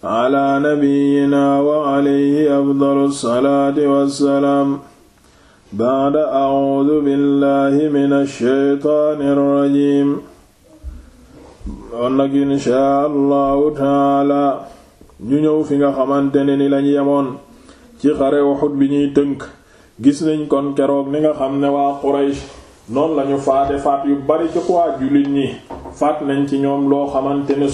ala nabiyyina wa alayhi afdalu salaati wassalaam ba'da nag inshaa ñu ñëw fi nga xamante ne ni lañu yemoon ci xare Uhud bi ñuy tënk gis nañ kon keroog ni nga xam ne waa Quraysh noonu lañu faate faat yu bari ci waa jullit ñi faat nañ ci ñoom loo xamante ne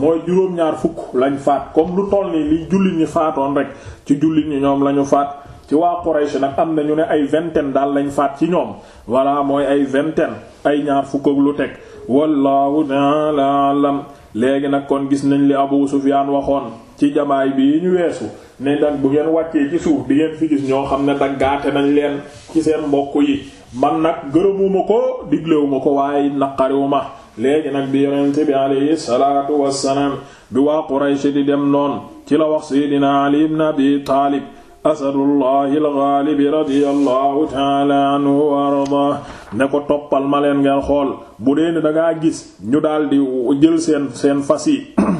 mooy juróom-ñaar fukk lañ faat comme lu toll nii li jullit ñi faatoon rek ci jullit ñi ñoom lañu faat ci waa Quraysh nag am na ñu ne ay vingtaine daal lañ faat ci ñoom voilà mooy ay vingtaine ay ñaar fukk lu teg wallahu ta'ala alam léegi nag kon gis nañ li Abu Sufyaan waxoon ci jamaay bi ñu weesu ne nag bu ngeen wàccee ci suuf bi ngeen fi gis ñoo xam ne daggaate nañ leen ci seen mbokk yi man nag gërëmuma ko diglewuma ko waaye naqariwuma léegi nag bi yonente bi alayhi salaatu wassalaam bi waa Quraysh di dem noon ci la wax seydina Ali ibn Abi Taalib asadullahi algaalib radiyallahu taala anhu wa arda ne ko toppal ma leen ngeen xool bu dee ne dangaa gis ñu di jël seen seen fas yi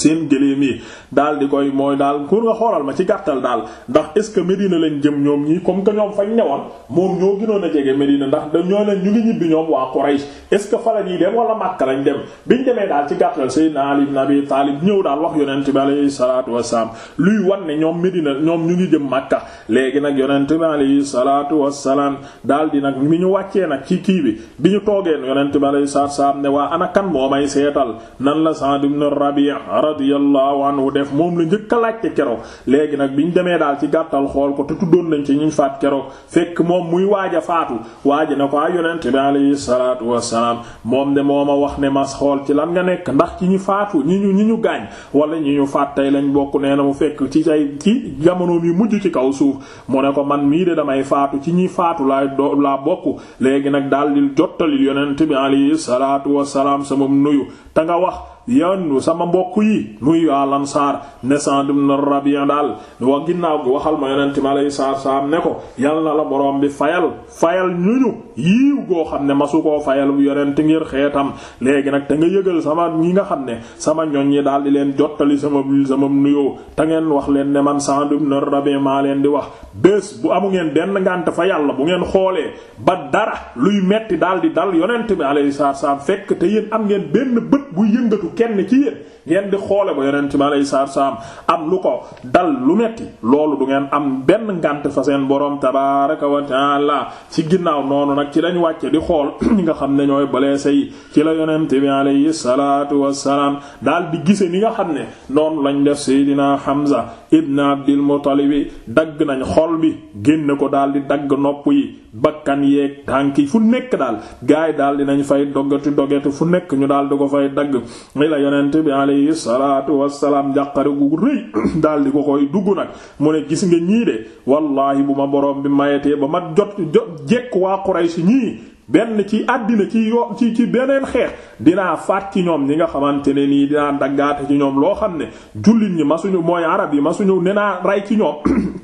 seen gëléem yi daal di koy mooy daal pour nga xoolal ma ci gàttal daal ndax est ce que Medina lañ jëm ñoom ñii comme que ñoom fañ newoon moom ñoo gënoon a jege Medina ndax dañoo leen ñu ngi ñibbi ñoom waa Quraysh est-ce que fa la ñuy dem wala Makka lañ dem biñ demee daal ci gàttal Seydina Ali ibn Taalib ñëw daal wax yonent bi alayhi salaatu wasalaam luy wan ne ñoom Medina ñoom ñu ngi jëm Makka léegi nag yonent bi alayhi salaatu wasalaam daal di nag mi ñu wàccee nag ci kii bi bi ñu toogeen yonent bi alayhi salaatu wasalaam ne waa ana kan moo may seetal nan la Sa'd ibn Rabi' radiyallahu anhu def moom la njëkk a keroog léegi nag biñ demee daal ci gàttal xool ko te tuddoon nañ ci ñuñ faat keroog fekk moom muy waaj a faatu salaam moom de moo ma wax ne ma xool ci lan nga nekk ndax ci ñu faatu ñi ñu ñi ñu gaañ wala ñu ñu faat tey lañ bokk nee na mu fekk ci say ci jamonoom yi mujj ci kaw suuf mu ne ko man mii de damay faatu ci ñi faatu laa do laa bokk léegi nag daal di jottali yonent bi alayhi salaatu wassalaam sama nuyu ta nga wax yan sama mbokk yi muy al ansar ne Sa'd ibn Rabi' daal wa ginnaaw gi waxal ma yonent mi alayhi salaatu salaam ne ko yal na la boroom bi fayal fayal ñu yiiw goo xam ne masu koo fayal bu yonent ngir xeetam léegi nag te nga yëgal sama ñi nga xam ne sama ñoñ yi daal di leen jottali sama sama nuyoo te ngeen wax leen ne man Sa'd ibn Rabi' maa leen di wax bés bu amu ngeen benn ngànt fa yàlla bu ngeen xoolee ba dara luy metti daal di dal yonent mi alayhi salaatu salaam fekk am ngeen benn bët bu yëngatu kenn ci yéen ngeen di xoole ba yonent mi alayhi salaatu salaam am lu ko dal lu metti loolu du ngeen am benn ngànt fa seen borom tabaaraka wa taala ci ginnaaw noonu nag ci lañ wàcce di xool ñi nga xam ne ñooy blessé yi ci la yonent bi alayhi salaatu wassalaam daal di gise ni nga xam ne noonu lañ def Seydina Hamza ibn Abdil wi dagg nañu xol bi génn ko daal di dagg nopp yi bakkan yeeg tànk yi fu nekk daal gaay daal dinañ fay doggati doggati fu nekk ñu daal di ko fay dagg ngi la yonent bi alayhi salaatu wassalaam njàqare gu rëy daal di ko koy dugg nag mu ne gis nga ñii de wallaahi bu ma borom bi mayetee ba ma jot jot jekk waa Quraysi ñii benn ci àddina ci yo ci ci beneen xeex dinaa faat ci ñoom ñi nga xamante ne nii dinaa daggaate ci ñoom loo xam ne jullit ñi ma suñu mooy arab yi ma suñu nenaa rey ci ñoom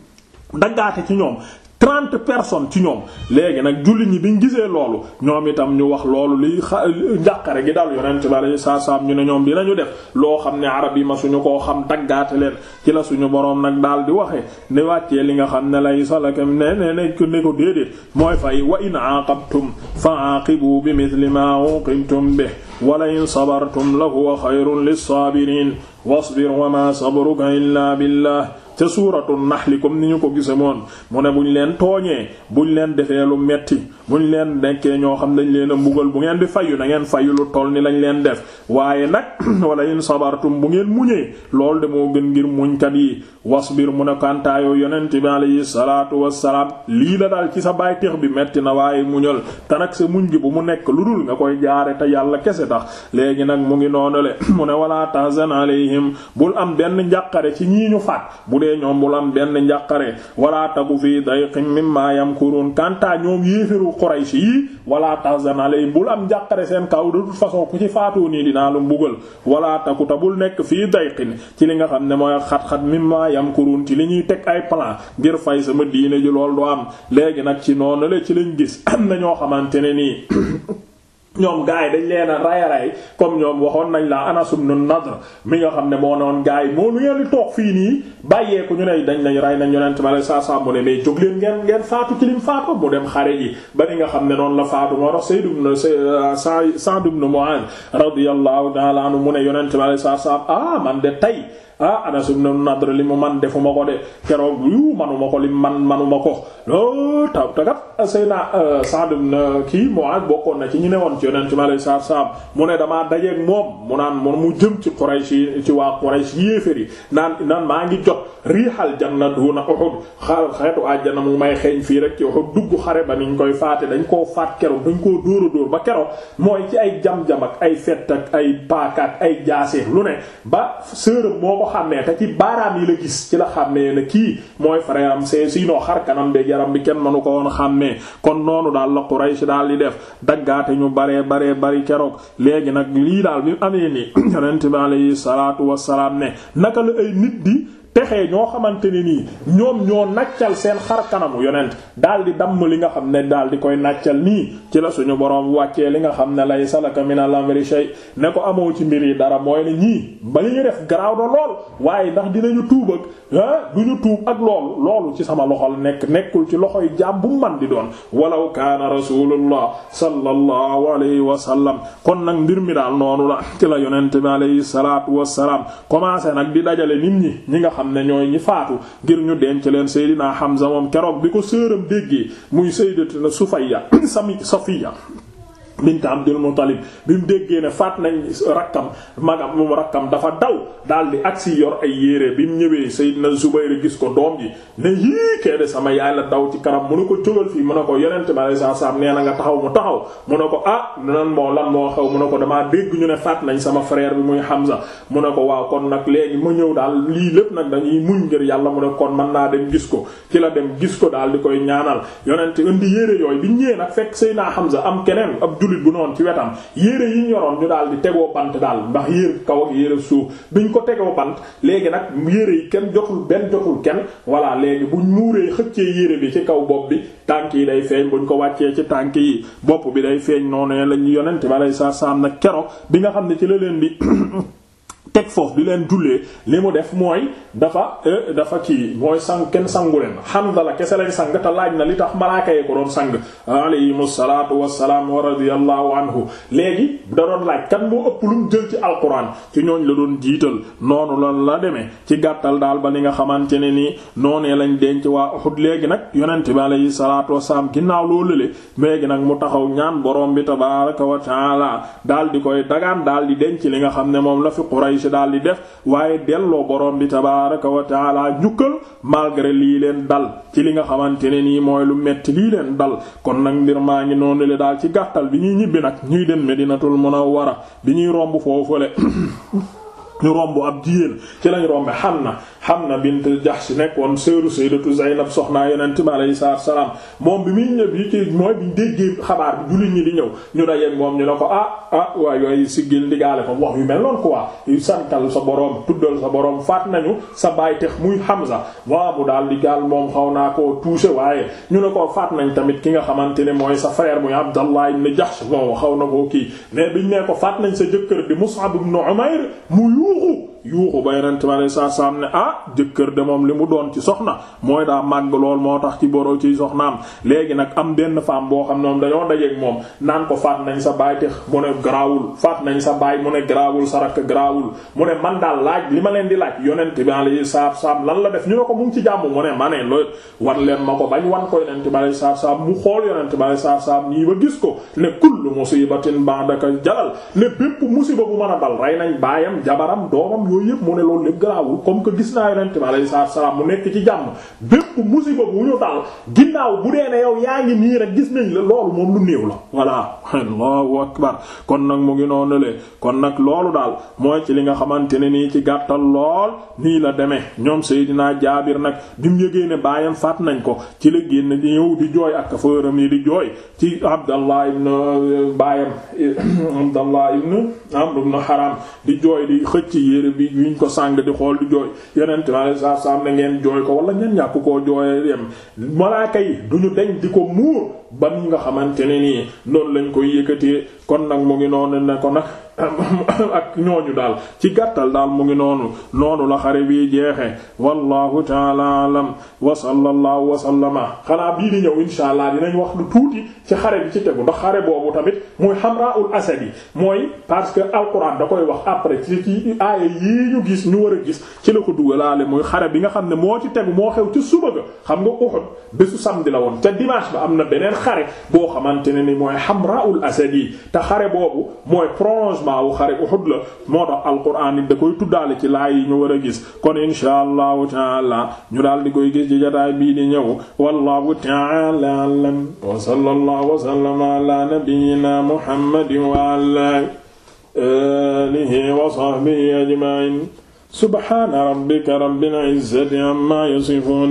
daggaate ci ñoom trente personnes ci ñoom léegi nag julli ñi biñ gisee loolu ñoom itam ñu wax loolu liy xa njàqare gi dal yonent bale saa saam ñu ne ñoom bi dinañu def loo xam ne arab yi ma suñu koo xam daggaate leen ci la suñu boroom nag daal di waxee ne wàccee li nga xam ne lay salakam ne ne ne ko ne ko déedéet mooy fay wa in aaqabtum fa aaqibu bi mithli ma uqibtum bi wala in sabartum la huwa xayrun lis saabiriin wasbir wa ma sabruka illa billah ca suuratu li comme ni ñu ko gisee moon mu ne buñ leen tooñee buñ leen defee lu metti buñ leen nekkee ñoo xam dañ leen a mbugal bu ngeen di fayu na ngeen fayu lu toll ni lañ leen def waaye nag wala in sabartum bu ngeen muñee loolu de moo gën ngir muñkat yi biir mu ne kantaayoo yonent bi alayhi salaatu wassalaam lii la daal ci sa bayteex bi metti na waaye muñal te nag sa muñ gi bu mu nekk lu dul nga koy jaare te yàlla kese tax léegi nag mu ngi noonule mu ne wala tahzan alayhim bul am benn njàqare ci ñii dee ñoom bu lam benn njàqare wala taku fii dayqin mimma yamkurun kanta ñoom yéeféru Quraysh walaa tas tahzan alayhim bul am njàqare seen kaw de toute façon ku ci faatoo nii dinaa lu mbugal wala taku tabul nekk fii dayqin ci li nga xam ne mooy xat-xat mimma yamkurun ci li ñuy teg ay plan ngir fay sama diine ji lool doo am léegi nag ci noonu la ci lañ gis am na ñoo xamante ne nii ñoom gaa yi dañ leen a ray comme ñoom waxoon nañ la Anas ibn Nadr mi nga xam ne moo noon gaa yi moo lu ngeen toog fii nii bàyyeeku ñu ne dañ nañ ray nañ yonent ma la saa saa mu ne mais jóg leen ngeen ngeen faatu ci lim faatu mu dem xare ji ba ni nga xam ne noonu la faatu moo tax Sayyid ibn Sa'd ibn Mu'adh radiyallahu ta'ala anhu mu ne yonent ma la saa saa ah man de tey ah Anas ibn Nadr li mu man defuma ko de keroog yu manuma ko li man manuma ko loo taw takat Seyna euh, Saad ibn euh, kii ak bokkoon na ci ñu ne woon ci yonent mi alayhi salaatu salaam mu ne damaa dajeeg moom mu naan mu jëm ci Quraysh yi ci waa Quraysh yéefér yi naan naan maa ngi jot riixal na duuna Uhud xaal xeetu àjjana mu may xeeñ fii rek ci Uhud dugg xare ba niñ koy faate dañ koo faat keroog dañ koo dóor a dóor ba keroog mooy ci ay jam-jam ak ay fett ak ay paak ay jaase lu ne ko xàmmee te ci baaraam yi la gis ci la xàmmee na kii mooy frère am c'est sinon xar kanam beeg yaram bi kenn manu ko woon xàmmee kon noonu daal la si daal di def daggaate ñu baree bare bari keroog léegi nag lii daal bi amee ni yonent bi alayhi salaatu wassalaam ne naka la ay nit di texee ñoo xamante ne nii ñoom ñoo naccal seen xar kanamu yonent daal di damm li nga xam ne daal di koy naccal nii ci la suñu borom wàccee li nga xam ne lay salaka min al-amri shay ne ko amoo ci mbir yi dara mooy ne ñii ba li ñu def garaaw na lool waaye ndax dinañu tuub ak ah du ñu tuub ak loolu loolu ci sama loxol nekk nekkul ci loxoy jaam bu man di doon walaw kaana rasulullah sallallahu alayhi wa sallam kon nag mbir mi daal noonu la ci la yonent bi alayhi salaatu xam ne ñooy ñi faatu ngir ñu denc leen Seydina xam moom keroog bi ko sëram déggee muy Sayyidatuna Sufayya sami Safiya bint Abdul Muttalib bi mu déggee ne faat nañ rakkam magam mu rakkam dafa daw daal di agsi yor ay yére bi mu ñëwee Seydina Zubayr gis ko doom ji ne yii kee de sama yaay la daw ci kanam mu ne ko jógal fii mu ne ko yonent bi alayhi salaam nee na nga taxaw mu mu ne ko ah nan moo lan moo ne ko damaa dégg ñu ne faat nañ sama frère bi muy mu ne ko waaw kon nag léegi ma ñëw daal lii lépp nag dañuy muñ ngir yàlla mu ne kon mën naa dem gis ko ci la dem gis ko daal di koy ñaanal yonent indi yére yooyu bi ñëwee nag fekk Seydina Hamza am keneen jullit bu noonu ci wetam yére yi ñoroon ñu daal di tegoo bant daal ndax yére kaw ak yére suuf biñ ko tegoo bant léegi nag yére yi kenn jotul benn jotul kenn voilà léegi buñ muuree xëccee yére bi ci kaw bopp bi tànk yi day feeñ buñ ko wàccee ci tànk yi bopp bi day feeñ noonu lañu yonent ba lay sa saam nag keroog bi nga xam ne ci la leen di teg foofu di leen jullee li mu def mooy dafa euh, dafa kii mooy sang kenn sangu leen la kese lañ sang te laaj na li tax malaaka yi ko doon sang alayhimu salaatu wassalaam wa radiyallahu anhu léegi da doon laaj kan ëpp lu mu jël ci alquran ci ñooñ la doon jiital noonu loolu la demee ci gàttal daal ba li nga xamante ne nii noonee lañ denc waa Uhud léegi nag yonent bi alayhi salaatu wassalaam ginnaaw loolu le léegi nag mu taxaw ñaan borom bi tabaaraka wa taala daal di koy dagaan daal di denc li nga xam ne moom la fi Quraysh Quraysh daal di def waaye delloo borom bi tabaaraka wa taala njukkal malgré lii leen dal ci li nga xamante ne nii mooy lu metti lii leen dal kon nag mbir maa ngi noonu le daal ci gàttal bi ñuy ñibbi nag ñuy dem Medinatul Munawwara bi ñuy romb foofule ñu romb ab jigéen ci lañ rombe xam na bint Jahsh nekkoon sœuru Sayyidatu Zaynab soxnaa yonent bi alayhi salaam moom bi muy ñëw yi ci mooy bi ñu déggee xabaar bi jullit ñi di ñëw ñu dajeek moom ñu ah, ah waaye yooyu siggil ndigaale ko wax yu mel noonu quoi yu santal sa borom tuddal sa boroom faat nañu sa baay tex muy Hamza waaw mu daal di gaal moom xaw naa koo touché waaye ñu ne ko faat nañ tamit ki nga xamante ne mooy sa frère muy jax ibn Jahsh xaw na koo kii mais biñ ne ko faat nañ sa jëkkër di Mus'ab ibn Umayr mu yuuxu yuuxu ba yeneen tamit ah, moom li mu doon ci soxna mooy daa màgg lool moo tax ci boro ci soxnaam léegi nag am benn femme boo xam ne moom dañoo dajeeg moom naan ko faat nañ sa baay te mu ne garaawul nañ sa baay mu ne garaawul sa rakk garaawul mu ne man daal laaj li ma leen di laaj yonent bi alayhi salaatu lan la def ñu ne ko mu jàmm mu ma ne loolu war leen ma ko bañ wan ko yonent bi alayhi salaatu salaam xool yonent bi alayhi salaatu salaam nii ba gis ko ne kullu musibatin ba'daka jalal ne bépp musiba bu man a dal rey nañ baayam jabaram doomam yooyu yëpp mu ne loolu lépp garaawul comme que gis naa yonent bi alayhi salaam mu nekk ci jàmm bépp musiba bu ñu dal ginnaaw bu dee ne yow yaa ngi nii rek gis nañ la loolu moom lu néew la voilà allahu akbar kon nag mu ngi noonu le kon nag loolu daal mooy ci li nga xamante ne nii ci gàttal lool nii la demee ñoom Seydina Jaabir nag bi mu yëgee ne baayam faat nañ ko ci la génn di ñëw di jooy ak kafaaram yi di jooy ci Abdallah ibn baayam Abdallah ibn di jooy di xëcc bi yi yuñ ko sàng di xool di jooy yonent ma alei saatu salaam na ngeen jooy ko wala ngeen ñàkk koo jooye yem malaaka yi ñu deñ di ko muur ba ni nga xamante ne nii noonu lañ koy yëkkatee kon nag mu ngi noonu ne ko nag ak ñooñu daal ci gàttal daal mu ngi noonu noonu la xare bi jeexe wallahu taala alam wa sallallahu wa sallama xanaa bii di ñëw insha allah dinañ wax lu tuuti ci xare bi ci tegu ndax xare boobu tamit muy Hamraul Asadi mooy parce que alquran da koy wax après ci ci aaya yii ñu gis ñu war a gis ci la ko dugalaale muy xare bi nga xam ne moo ci tegu moo xew ci suba ga xam nga Uhud bésu samedi la woon te dimanche ba am na beneen xare boo xamante ne ni mooy Hamraul Asadi te xare boobu mooy prolongement wu xare Uhud la moo tax alquran it da koy tuddaale ci laay yi ñu war a gis kon insha allahu taala ñu daal di koy gis ci jotaay bii di ñëw wallahu taala alam wa sallallahu wa sallama ala nabiyyina muhammadin wa ala alihi wa sahbihi ajma'in subhana rabbika rabbil izzati amma yasifun